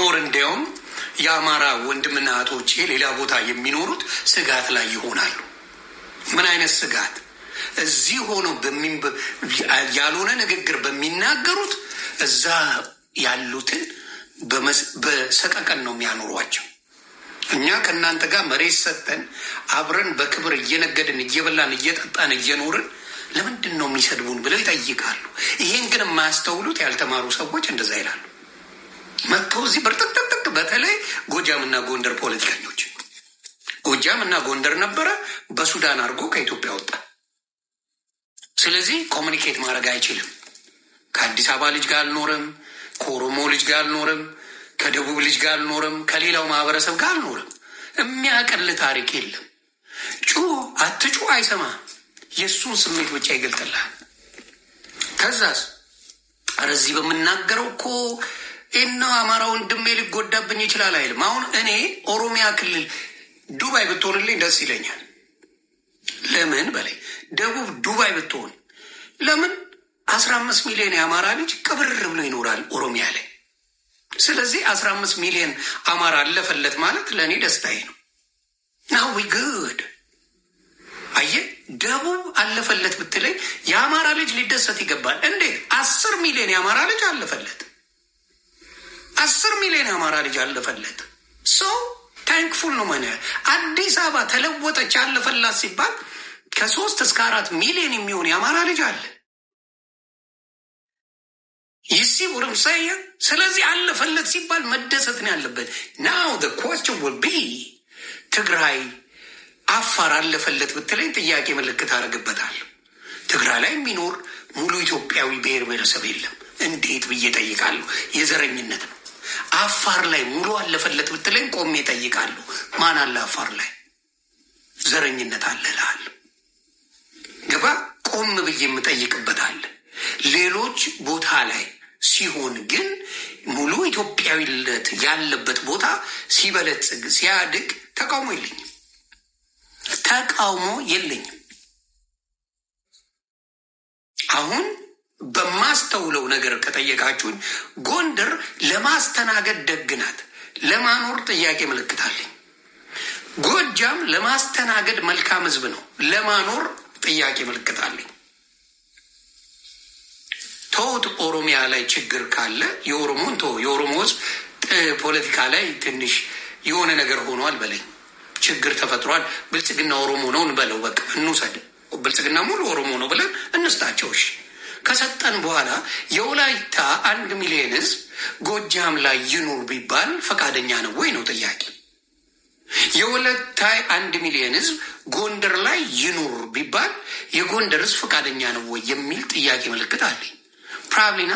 ሞር እንዲያውም የአማራ ወንድምና እህቶቼ ሌላ ቦታ የሚኖሩት ስጋት ላይ ይሆናሉ። ምን አይነት ስጋት? እዚህ ሆኖ ያልሆነ ንግግር በሚናገሩት እዛ ያሉትን በሰቀቀን ነው የሚያኖሯቸው። እኛ ከእናንተ ጋር መሬት ሰጠን አብረን በክብር እየነገድን እየበላን እየጠጣን እየኖርን ለምንድን ነው የሚሰድቡን ብለው ይጠይቃሉ። ይሄን ግን የማያስተውሉት ያልተማሩ ሰዎች እንደዛ ይላሉ። መጥተው እዚህ ብርጥቅጥቅጥቅ በተለይ ጎጃም እና ጎንደር ፖለቲከኞች ጎጃም እና ጎንደር ነበረ በሱዳን አድርጎ ከኢትዮጵያ ወጣ። ስለዚህ ኮሚኒኬት ማድረግ አይችልም። ከአዲስ አበባ ልጅ ጋር አልኖርም፣ ከኦሮሞ ልጅ ጋር አልኖርም፣ ከደቡብ ልጅ ጋር አልኖርም፣ ከሌላው ማህበረሰብ ጋር አልኖርም። የሚያቀል ታሪክ የለም። ጩ አትጩ አይሰማ የእሱን ስሜት ብቻ ይገልጥልሃል። ከዛስ ኧረ እዚህ በምናገረው እኮ ይህነው አማራ ወንድሜ ሊጎዳብኝ ይችላል አይልም። አሁን እኔ ኦሮሚያ ክልል ዱባይ ብትሆንልኝ ደስ ይለኛል። ለምን በላይ ደቡብ ዱባይ ብትሆን ለምን አስራ አምስት ሚሊዮን የአማራ ልጅ ቅብር ብሎ ይኖራል ኦሮሚያ ላይ። ስለዚህ አስራ አምስት ሚሊዮን አማራ አለፈለት ማለት ለእኔ ደስታዬ ነው። ናዊ ግድ አየ ደቡብ አለፈለት ብትለኝ የአማራ ልጅ ሊደሰት ይገባል። እንዴት አስር ሚሊዮን የአማራ ልጅ አለፈለት አስር ሚሊዮን የአማራ ልጅ አለፈለት። ሰው ታንክፉል ነው መነ አዲስ አበባ ተለወጠች አለፈላት ሲባል ከሶስት እስከ አራት ሚሊዮን የሚሆን የአማራ ልጅ አለ ይሲ ሳየ ስለዚህ አለፈለት ሲባል መደሰት ነው ያለበት። ናው ደ ኳስችን ውል ቢ ትግራይ አፋር አለፈለት ብትለኝ ጥያቄ ምልክት አደርግበታለሁ። ትግራይ ላይ የሚኖር ሙሉ ኢትዮጵያዊ ብሔር ብሔረሰብ የለም እንዴት ብዬ ጠይቃለሁ። የዘረኝነት ነው። አፋር ላይ ሙሉ አለፈለት ብትለኝ ቆሜ እጠይቃለሁ። ማን አለ አፋር ላይ ዘረኝነት አለ እልሃለሁ። ገባ ቆም ብዬ የምጠይቅበት አለ። ሌሎች ቦታ ላይ ሲሆን ግን ሙሉ ኢትዮጵያዊነት ያለበት ቦታ ሲበለጽግ ሲያድግ ተቃውሞ የለኝም፣ ተቃውሞ የለኝም አሁን በማስተውለው ነገር ከጠየቃችሁኝ ጎንደር ለማስተናገድ ደግ ናት፣ ለማኖር ጥያቄ ምልክታለኝ። ጎጃም ለማስተናገድ መልካም ህዝብ ነው፣ ለማኖር ጥያቄ ምልክታለኝ። ተውት። ኦሮሚያ ላይ ችግር ካለ የኦሮሞን ተው። የኦሮሞ ህዝብ ፖለቲካ ላይ ትንሽ የሆነ ነገር ሆኗል በለኝ። ችግር ተፈጥሯል። ብልጽግና ኦሮሞ ነው እንበለው። በቃ እንውሰድ። ብልጽግና ሙሉ ኦሮሞ ነው ብለን እንስጣቸው። እሺ ከሰጠን በኋላ የወላይታ አንድ ሚሊዮን ህዝብ ጎጃም ላይ ይኑር ቢባል ፈቃደኛ ነው ወይ ነው ጥያቄ። የወላይታ አንድ ሚሊዮን ህዝብ ጎንደር ላይ ይኑር ቢባል የጎንደር ህዝብ ፈቃደኛ ነው ወይ የሚል ጥያቄ ምልክት አለኝ። ፕራብሊ ና።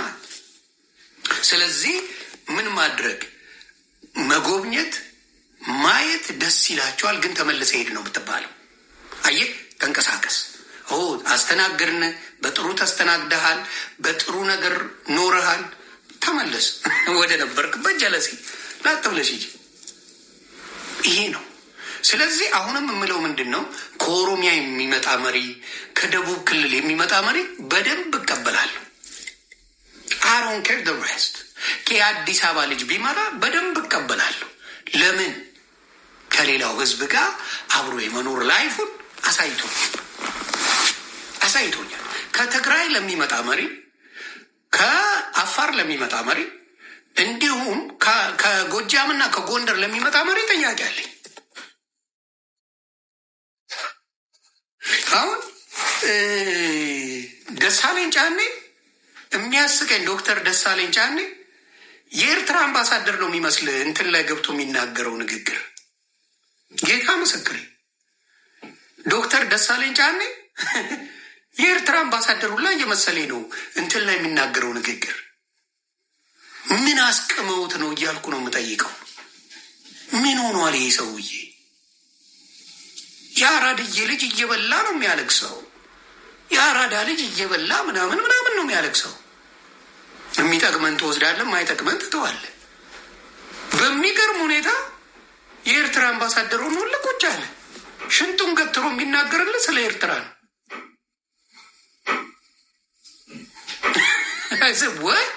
ስለዚህ ምን ማድረግ መጎብኘት፣ ማየት ደስ ይላቸዋል፣ ግን ተመልሰ ሄድ ነው የምትባለው። አየህ፣ ተንቀሳቀስ። አስተናገድን በጥሩ ተስተናግደሃል፣ በጥሩ ነገር ኖርሃል፣ ተመለስ ወደ ነበርክበት ጀለሴ ላጥ ብለሽ ሂጂ። ይሄ ነው። ስለዚህ አሁንም የምለው ምንድን ነው፣ ከኦሮሚያ የሚመጣ መሪ፣ ከደቡብ ክልል የሚመጣ መሪ በደንብ እቀበላለሁ። አሮን ኬር ሬስት የአዲስ አበባ ልጅ ቢመራ በደንብ እቀበላለሁ። ለምን ከሌላው ህዝብ ጋር አብሮ የመኖር ላይፉን አሳይቶኛል አሳይቶኛል። ከትግራይ ለሚመጣ መሪ፣ ከአፋር ለሚመጣ መሪ እንዲሁም ከጎጃምና ከጎንደር ለሚመጣ መሪ ጥያቄ አለኝ። አሁን ደሳለኝ ጫኔ የሚያስቀኝ ዶክተር ደሳለኝ ጫኔ የኤርትራ አምባሳደር ነው የሚመስል እንትን ላይ ገብቶ የሚናገረው ንግግር ጌታ ምስክሬ ዶክተር ደሳለኝ ጫኔ የኤርትራ አምባሳደር ሁላ እየመሰለኝ ነው እንትን ላይ የሚናገረው ንግግር ምን አስቀመውት ነው እያልኩ ነው የምጠይቀው። ምን ሆኗል ይሄ ሰውዬ? የአራድዬ ልጅ እየበላ ነው የሚያለቅሰው። የአራዳ ልጅ እየበላ ምናምን ምናምን ነው የሚያለቅሰው። የሚጠቅመን ትወስዳለን፣ ማይጠቅመን ትተዋለ። በሚገርም ሁኔታ የኤርትራ አምባሳደር ሆኖ አለ። ሽንጡን ገትሮ የሚናገርልህ ስለ ኤርትራ ነው። ወጥ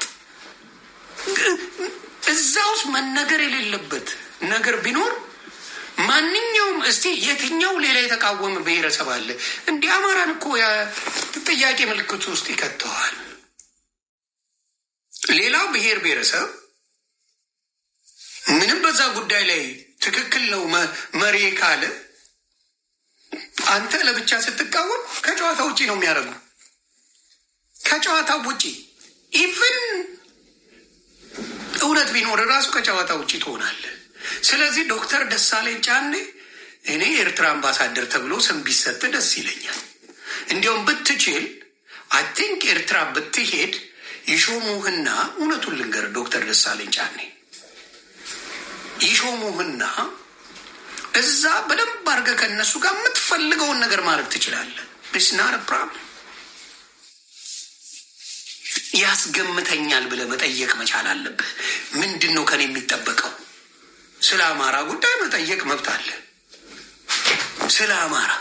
እዛ ውስጥ መነገር የሌለበት ነገር ቢኖር ማንኛውም እስቲ የትኛው ሌላ የተቃወመ ብሔረሰብ አለ? እንዲህ አማራን እኮ ጥያቄ ምልክቱ ውስጥ ይከተዋል። ሌላው ብሔር ብሔረሰብ ምንም በዛ ጉዳይ ላይ ትክክል ነው መሪ ካለ አንተ ለብቻ ስትቃወም ከጨዋታ ውጪ ነው የሚያደርጉ ከጨዋታ ውጪ ኢቭን እውነት ቢኖር ራሱ ከጨዋታ ውጭ ትሆናለህ። ስለዚህ ዶክተር ደሳለኝ ጫኔ እኔ ኤርትራ አምባሳደር ተብሎ ስም ቢሰጥ ደስ ይለኛል። እንዲያውም ብትችል አይ ቲንክ ኤርትራ ብትሄድ ይሾሙህና እውነቱን ልንገር ዶክተር ደሳለኝ ጫኔ ይሾሙህና እዛ በደንብ አድርገህ ከእነሱ ጋር የምትፈልገውን ነገር ማድረግ ትችላለህ። ስናር ፕራብለም ያስገምተኛል ብለህ መጠየቅ መቻል አለብህ። ምንድን ነው ከኔ የሚጠበቀው? ስለ አማራ ጉዳይ መጠየቅ መብት አለ። ስለ አማራ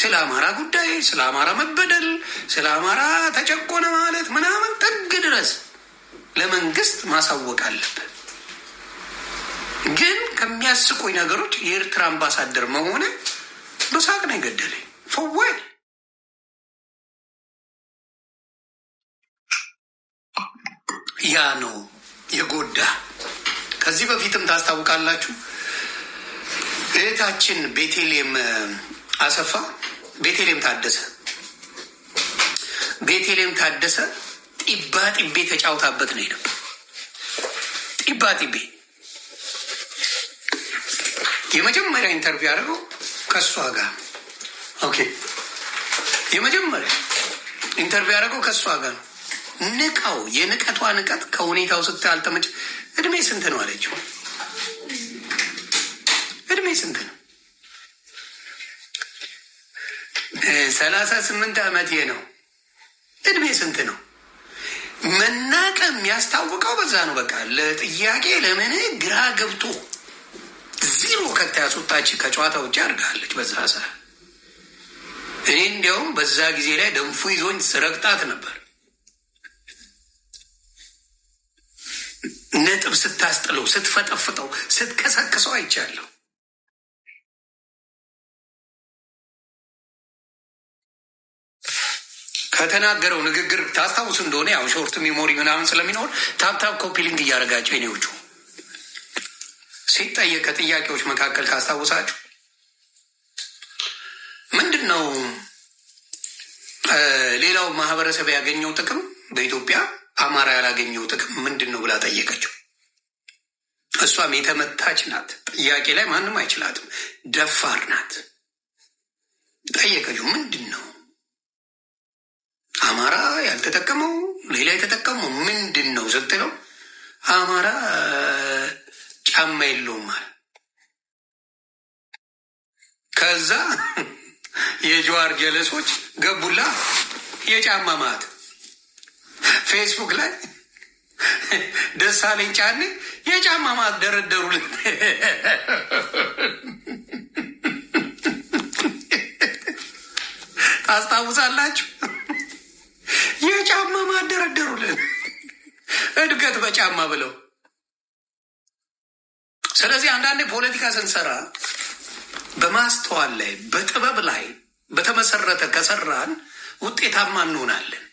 ስለ አማራ ጉዳይ፣ ስለ አማራ መበደል፣ ስለ አማራ ተጨቆነ ማለት ምናምን ጥግ ድረስ ለመንግስት ማሳወቅ አለብህ። ግን ከሚያስቁኝ ነገሮች የኤርትራ አምባሳደር መሆነ በሳቅ ነው የገደለኝ። ፈዋይ ያ ነው የጎዳ። ከዚህ በፊትም ታስታውቃላችሁ እህታችን ቤቴሌም አሰፋ ቤቴሌም ታደሰ ቤቴሌም ታደሰ ጢባ ጢቤ ተጫውታበት ነው የነበር። ጢባ ጢቤ የመጀመሪያ ኢንተርቪው ያደረገው ከእሷ ጋር ኦኬ። የመጀመሪያ ኢንተርቪው ያደረገው ከእሷ ጋር ነው። ንቀው የንቀቷ ንቀት ከሁኔታው ስታልተመች እድሜ ስንት ነው አለችው። እድሜ ስንት ነው? ሰላሳ ስምንት ዓመቴ ነው። እድሜ ስንት ነው? መናቀም የሚያስታውቀው በዛ ነው። በቃ ለጥያቄ ለምን ግራ ገብቶ ዜሮ ከታያስወጣች ከጨዋታ ውጭ አድርጋለች። በዛ ሰ እኔ እንዲያውም በዛ ጊዜ ላይ ደንፉ ይዞኝ ስረግጣት ነበር። ነጥብ ስታስጥለው፣ ስትፈጠፍጠው፣ ስትከሰክሰው አይቻለሁ። ከተናገረው ንግግር ታስታውሱ እንደሆነ ያው ሾርት ሜሞሪ ምናምን ስለሚኖር ታብታብ ኮፒሊንግ እያደረጋቸው የኔዎቹ ሲጠየቅ ከጥያቄዎች መካከል ካስታውሳችሁ ምንድን ነው ሌላው ማህበረሰብ ያገኘው ጥቅም በኢትዮጵያ አማራ ያላገኘው ጥቅም ምንድን ነው ብላ ጠየቀችው። እሷም የተመታች ናት፣ ጥያቄ ላይ ማንም አይችላትም፣ ደፋር ናት። ጠየቀችው ምንድን ነው አማራ ያልተጠቀመው ሌላ የተጠቀመው ምንድን ነው ስትለው አማራ ጫማ የለውም አለ። ከዛ የጀዋር ጀለሶች ገቡላ የጫማ ማት ፌስቡክ ላይ ደሳለኝ ጫኔ የጫማ ማደረደሩልን ታስታውሳላችሁ? የጫማ ማደረደሩልን እድገት በጫማ ብለው። ስለዚህ አንዳንዴ ፖለቲካ ስንሰራ በማስተዋል ላይ በጥበብ ላይ በተመሰረተ ከሰራን ውጤታማ እንሆናለን።